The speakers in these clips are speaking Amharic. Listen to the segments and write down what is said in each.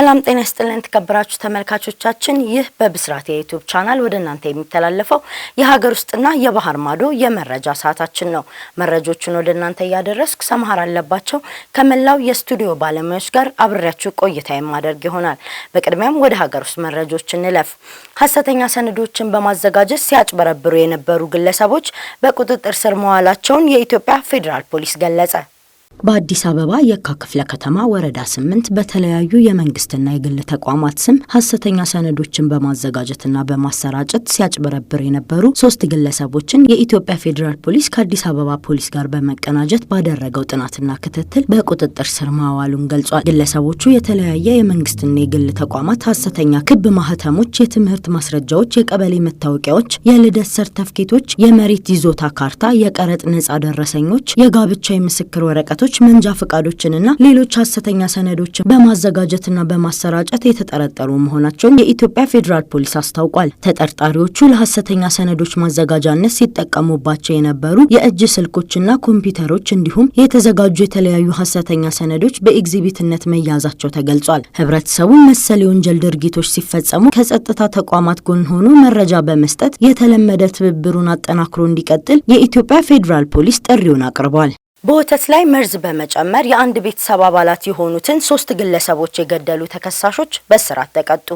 ሰላም ጤና ይስጥልን ተከብራችሁ ተመልካቾቻችን፣ ይህ በብስራት የዩቲዩብ ቻናል ወደ እናንተ የሚተላለፈው የሀገር ውስጥና የባህር ማዶ የመረጃ ሰዓታችን ነው። መረጆቹን ወደ እናንተ እያደረስኩ ሰምሃር አለባቸው ከመላው የስቱዲዮ ባለሙያዎች ጋር አብሬያችሁ ቆይታ የማደርግ ይሆናል። በቅድሚያም ወደ ሀገር ውስጥ መረጆች እንለፍ። ሀሰተኛ ሰነዶችን በማዘጋጀት ሲያጭበረብሩ የነበሩ ግለሰቦች በቁጥጥር ስር መዋላቸውን የኢትዮጵያ ፌዴራል ፖሊስ ገለጸ። በአዲስ አበባ የካ ክፍለ ከተማ ወረዳ ስምንት በተለያዩ የመንግስትና የግል ተቋማት ስም ሀሰተኛ ሰነዶችን በማዘጋጀትና በማሰራጨት ሲያጭበረብር የነበሩ ሶስት ግለሰቦችን የኢትዮጵያ ፌዴራል ፖሊስ ከአዲስ አበባ ፖሊስ ጋር በመቀናጀት ባደረገው ጥናትና ክትትል በቁጥጥር ስር ማዋሉን ገልጿል። ግለሰቦቹ የተለያየ የመንግስትና የግል ተቋማት ሀሰተኛ ክብ ማህተሞች፣ የትምህርት ማስረጃዎች፣ የቀበሌ መታወቂያዎች፣ የልደት ሰርተፍኬቶች፣ የመሬት ይዞታ ካርታ፣ የቀረጥ ነጻ ደረሰኞች፣ የጋብቻ የምስክር ወረቀቶች ኃላፊዎች መንጃ ፈቃዶችንና ሌሎች ሀሰተኛ ሰነዶችን በማዘጋጀትና በማሰራጨት የተጠረጠሩ መሆናቸውን የኢትዮጵያ ፌዴራል ፖሊስ አስታውቋል። ተጠርጣሪዎቹ ለሀሰተኛ ሰነዶች ማዘጋጃነት ሲጠቀሙባቸው የነበሩ የእጅ ስልኮችና ኮምፒውተሮች እንዲሁም የተዘጋጁ የተለያዩ ሀሰተኛ ሰነዶች በኤግዚቢትነት መያዛቸው ተገልጿል። ህብረተሰቡ መሰል የወንጀል ድርጊቶች ሲፈጸሙ ከጸጥታ ተቋማት ጎን ሆኖ መረጃ በመስጠት የተለመደ ትብብሩን አጠናክሮ እንዲቀጥል የኢትዮጵያ ፌዴራል ፖሊስ ጥሪውን አቅርቧል። በወተት ላይ መርዝ በመጨመር የአንድ ቤተሰብ አባላት የሆኑትን ሶስት ግለሰቦች የገደሉ ተከሳሾች በእስራት ተቀጡ።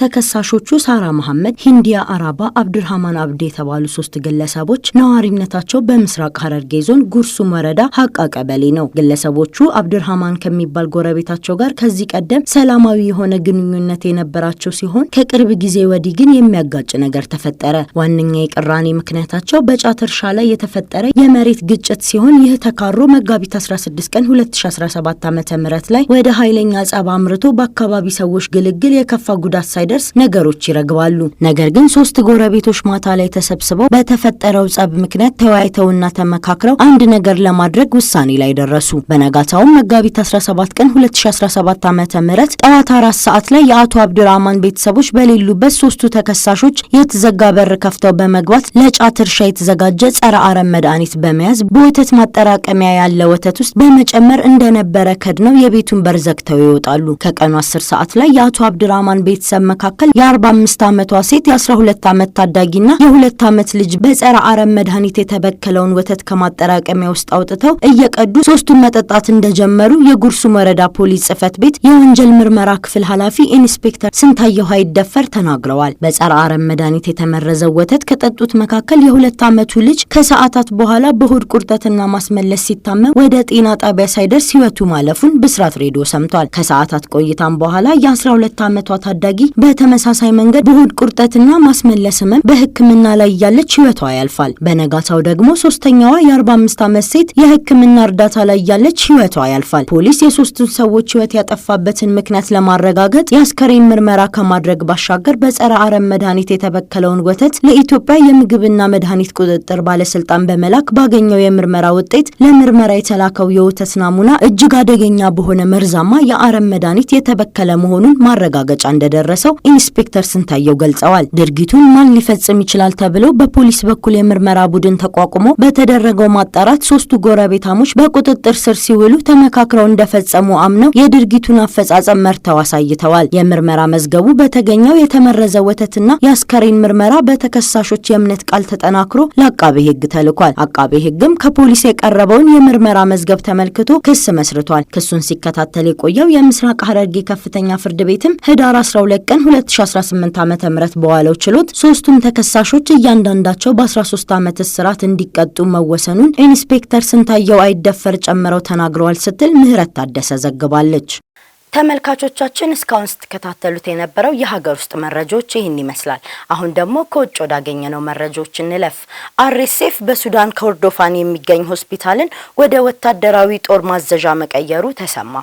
ተከሳሾቹ ሳራ መሐመድ፣ ሂንዲያ አራባ፣ አብድርሃማን አብዲ የተባሉ ሶስት ግለሰቦች ነዋሪነታቸው በምስራቅ ሀረርጌ ዞን ጉርሱም ወረዳ ሀቃ ቀበሌ ነው። ግለሰቦቹ አብድርሃማን ከሚባል ጎረቤታቸው ጋር ከዚህ ቀደም ሰላማዊ የሆነ ግንኙነት የነበራቸው ሲሆን ከቅርብ ጊዜ ወዲህ ግን የሚያጋጭ ነገር ተፈጠረ። ዋነኛ የቅራኔ ምክንያታቸው በጫት እርሻ ላይ የተፈጠረ የመሬት ግጭት ሲሆን ይህ ተካሮ መጋቢት 16 ቀን 2017 ዓ ም ላይ ወደ ኃይለኛ ጸባ አምርቶ በአካባቢ ሰዎች ግልግል የከፋ ጉዳት ሳይ ሳይደርስ ነገሮች ይረግባሉ። ነገር ግን ሶስት ጎረቤቶች ማታ ላይ ተሰብስበው በተፈጠረው ጸብ ምክንያት ተወያይተውና ተመካክረው አንድ ነገር ለማድረግ ውሳኔ ላይ ደረሱ። በነጋታውም መጋቢት 17 ቀን 2017 ዓ ም ጠዋት አራት ሰዓት ላይ የአቶ አብዱራህማን ቤተሰቦች በሌሉበት ሶስቱ ተከሳሾች የተዘጋ በር ከፍተው በመግባት ለጫት እርሻ የተዘጋጀ ጸረ አረም መድኃኒት በመያዝ በወተት ማጠራቀሚያ ያለ ወተት ውስጥ በመጨመር እንደነበረ ከድነው የቤቱን በር ዘግተው ይወጣሉ። ከቀኑ 10 ሰዓት ላይ የአቶ አብዱራማን ቤተሰብ መካከል የ45 ዓመቷ ሴት የ12 ዓመት ታዳጊና የሁለት ዓመት ልጅ በጸረ አረም መድኃኒት የተበከለውን ወተት ከማጠራቀሚያ ውስጥ አውጥተው እየቀዱ ሶስቱን መጠጣት እንደጀመሩ የጉርሱም ወረዳ ፖሊስ ጽፈት ቤት የወንጀል ምርመራ ክፍል ኃላፊ ኢንስፔክተር ስንታየሁ አይደፈር ተናግረዋል። በጸረ አረም መድኃኒት የተመረዘው ወተት ከጠጡት መካከል የሁለት ዓመቱ ልጅ ከሰዓታት በኋላ በሆድ ቁርጠትና ማስመለስ ሲታመም ወደ ጤና ጣቢያ ሳይደርስ ሕይወቱ ማለፉን ብስራት ሬዲዮ ሰምቷል። ከሰዓታት ቆይታም በኋላ የ12 ዓመቷ ታዳጊ በተመሳሳይ መንገድ በሆድ ቁርጠትና ማስመለስ ህመም በህክምና ላይ እያለች ህይወቷ ያልፋል። በነጋታው ደግሞ ሶስተኛዋ የ45 ዓመት ሴት የህክምና እርዳታ ላይ እያለች ህይወቷ ያልፋል። ፖሊስ የሶስቱን ሰዎች ህይወት ያጠፋበትን ምክንያት ለማረጋገጥ የአስከሬን ምርመራ ከማድረግ ባሻገር በጸረ አረም መድኃኒት የተበከለውን ወተት ለኢትዮጵያ የምግብና መድኃኒት ቁጥጥር ባለስልጣን በመላክ ባገኘው የምርመራ ውጤት ለምርመራ የተላከው የወተት ናሙና እጅግ አደገኛ በሆነ መርዛማ የአረም መድኃኒት የተበከለ መሆኑን ማረጋገጫ እንደደረሰው መሆናቸው ኢንስፔክተር ስንታየው ገልጸዋል። ድርጊቱን ማን ሊፈጽም ይችላል ተብሎ በፖሊስ በኩል የምርመራ ቡድን ተቋቁሞ በተደረገው ማጣራት ሶስቱ ጎረቤታሞች በቁጥጥር ስር ሲውሉ ተመካክረው እንደፈጸሙ አምነው የድርጊቱን አፈጻጸም መርተው አሳይተዋል። የምርመራ መዝገቡ በተገኘው የተመረዘ ወተትና የአስከሬን ምርመራ በተከሳሾች የእምነት ቃል ተጠናክሮ ለአቃቤ ሕግ ተልኳል። አቃቤ ሕግም ከፖሊስ የቀረበውን የምርመራ መዝገብ ተመልክቶ ክስ መስርቷል። ክሱን ሲከታተል የቆየው የምስራቅ ሐረርጌ ከፍተኛ ፍርድ ቤትም ህዳር 12 ቀን ቀን 2018 ዓ ም በዋለው ችሎት ሶስቱም ተከሳሾች እያንዳንዳቸው በ13 ዓመት እስራት እንዲቀጡ መወሰኑን ኢንስፔክተር ስንታየው አይደፈር ጨምረው ተናግረዋል ስትል ምህረት ታደሰ ዘግባለች። ተመልካቾቻችን እስካሁን ስትከታተሉት የነበረው የሀገር ውስጥ መረጃዎች ይህን ይመስላል። አሁን ደግሞ ከውጭ ወዳገኘነው መረጃዎች እንለፍ። አርኤስኤፍ በሱዳን ኮርዶፋን የሚገኝ ሆስፒታልን ወደ ወታደራዊ ጦር ማዘዣ መቀየሩ ተሰማ።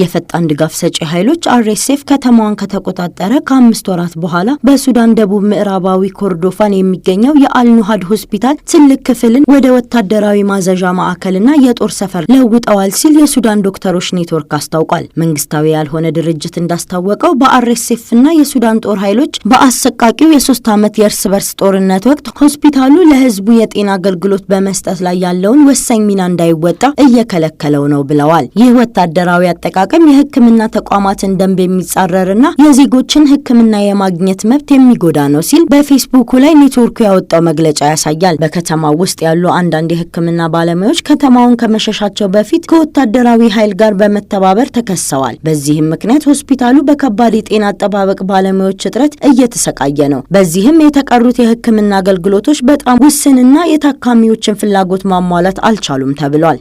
የፈጣን ድጋፍ ሰጪ ኃይሎች አርኤስኤፍ ከተማዋን ከተቆጣጠረ ከአምስት ወራት በኋላ በሱዳን ደቡብ ምዕራባዊ ኮርዶፋን የሚገኘው የአልኑሃድ ሆስፒታል ትልቅ ክፍልን ወደ ወታደራዊ ማዘዣ ማዕከልና የጦር ሰፈር ለውጠዋል ሲል የሱዳን ዶክተሮች ኔትወርክ አስታውቋል። መንግስታዊ ያልሆነ ድርጅት እንዳስታወቀው በአርኤስኤፍና የሱዳን ጦር ኃይሎች በአሰቃቂው የሶስት ዓመት የእርስ በርስ ጦርነት ወቅት ሆስፒታሉ ለህዝቡ የጤና አገልግሎት በመስጠት ላይ ያለውን ወሳኝ ሚና እንዳይወጣ እየከለከለው ነው ብለዋል። ይህ ወታደራዊ አጠቃ አጠቃቀም የህክምና ተቋማትን ደንብ የሚጻረርና የዜጎችን ህክምና የማግኘት መብት የሚጎዳ ነው ሲል በፌስቡኩ ላይ ኔትወርኩ ያወጣው መግለጫ ያሳያል። በከተማው ውስጥ ያሉ አንዳንድ የሕክምና ባለሙያዎች ከተማውን ከመሸሻቸው በፊት ከወታደራዊ ኃይል ጋር በመተባበር ተከሰዋል። በዚህም ምክንያት ሆስፒታሉ በከባድ የጤና አጠባበቅ ባለሙያዎች እጥረት እየተሰቃየ ነው። በዚህም የተቀሩት የህክምና አገልግሎቶች በጣም ውስንና የታካሚዎችን ፍላጎት ማሟላት አልቻሉም ተብሏል።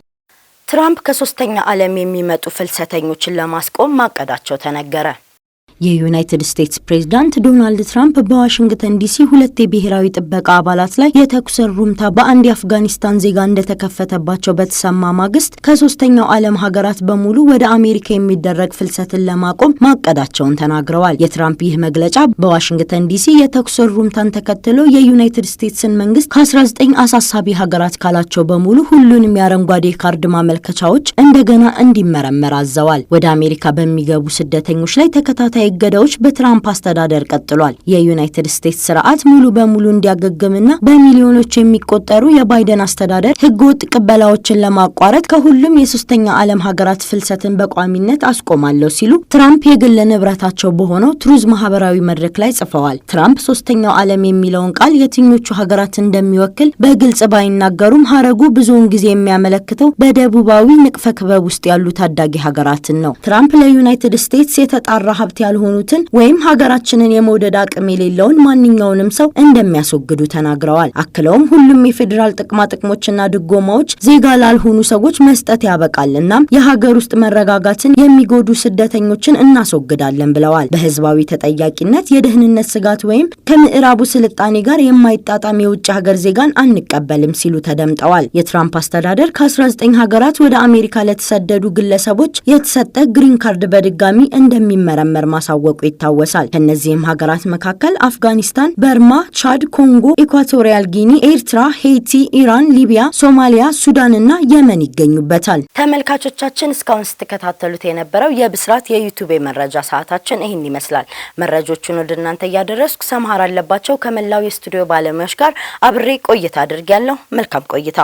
ትራምፕ ከሶስተኛ ዓለም የሚመጡ ፍልሰተኞችን ለማስቆም ማቀዳቸው ተነገረ። የዩናይትድ ስቴትስ ፕሬዝዳንት ዶናልድ ትራምፕ በዋሽንግተን ዲሲ ሁለት የብሔራዊ ጥበቃ አባላት ላይ የተኩስ ሩምታ በአንድ የአፍጋኒስታን ዜጋ እንደተከፈተባቸው በተሰማ ማግስት ከሶስተኛው ዓለም ሀገራት በሙሉ ወደ አሜሪካ የሚደረግ ፍልሰትን ለማቆም ማቀዳቸውን ተናግረዋል። የትራምፕ ይህ መግለጫ በዋሽንግተን ዲሲ የተኩስ ሩምታን ተከትሎ የዩናይትድ ስቴትስን መንግስት ከ19 አሳሳቢ ሀገራት ካላቸው በሙሉ ሁሉንም የአረንጓዴ ካርድ ማመልከቻዎች እንደገና እንዲመረመር አዘዋል። ወደ አሜሪካ በሚገቡ ስደተኞች ላይ ተከታታይ ፖለቲካዊ እገዳዎች በትራምፕ አስተዳደር ቀጥሏል። የዩናይትድ ስቴትስ ስርዓት ሙሉ በሙሉ እንዲያገግምና በሚሊዮኖች የሚቆጠሩ የባይደን አስተዳደር ህገወጥ ቅበላዎችን ለማቋረጥ ከሁሉም የሶስተኛ ዓለም ሀገራት ፍልሰትን በቋሚነት አስቆማለሁ ሲሉ ትራምፕ የግል ንብረታቸው በሆነው ትሩዝ ማህበራዊ መድረክ ላይ ጽፈዋል። ትራምፕ ሶስተኛው ዓለም የሚለውን ቃል የትኞቹ ሀገራት እንደሚወክል በግልጽ ባይናገሩም ሀረጉ ብዙውን ጊዜ የሚያመለክተው በደቡባዊ ንቅፈ ክበብ ውስጥ ያሉ ታዳጊ ሀገራትን ነው። ትራምፕ ለዩናይትድ ስቴትስ የተጣራ ሀብት ያሉ ያልሆኑትን ወይም ሀገራችንን የመውደድ አቅም የሌለውን ማንኛውንም ሰው እንደሚያስወግዱ ተናግረዋል። አክለውም ሁሉም የፌዴራል ጥቅማጥቅሞችና ድጎማዎች ዜጋ ላልሆኑ ሰዎች መስጠት ያበቃል፣ እናም የሀገር ውስጥ መረጋጋትን የሚጎዱ ስደተኞችን እናስወግዳለን ብለዋል። በህዝባዊ ተጠያቂነት የደህንነት ስጋት ወይም ከምዕራቡ ስልጣኔ ጋር የማይጣጣም የውጭ ሀገር ዜጋን አንቀበልም ሲሉ ተደምጠዋል። የትራምፕ አስተዳደር ከ19 ሀገራት ወደ አሜሪካ ለተሰደዱ ግለሰቦች የተሰጠ ግሪን ካርድ በድጋሚ እንደሚመረመር ማስ እንዳሳወቁ ይታወሳል። ከእነዚህም ሀገራት መካከል አፍጋኒስታን፣ በርማ፣ ቻድ፣ ኮንጎ፣ ኢኳቶሪያል ጊኒ፣ ኤርትራ፣ ሄይቲ፣ ኢራን፣ ሊቢያ፣ ሶማሊያ፣ ሱዳን እና የመን ይገኙበታል። ተመልካቾቻችን እስካሁን ስትከታተሉት የነበረው የብስራት የዩቱቤ መረጃ ሰዓታችን ይህን ይመስላል። መረጆቹን ወደ እናንተ እያደረስኩ ሰምሀር አለባቸው ከመላው የስቱዲዮ ባለሙያዎች ጋር አብሬ ቆይታ ያለው መልካም ቆይታ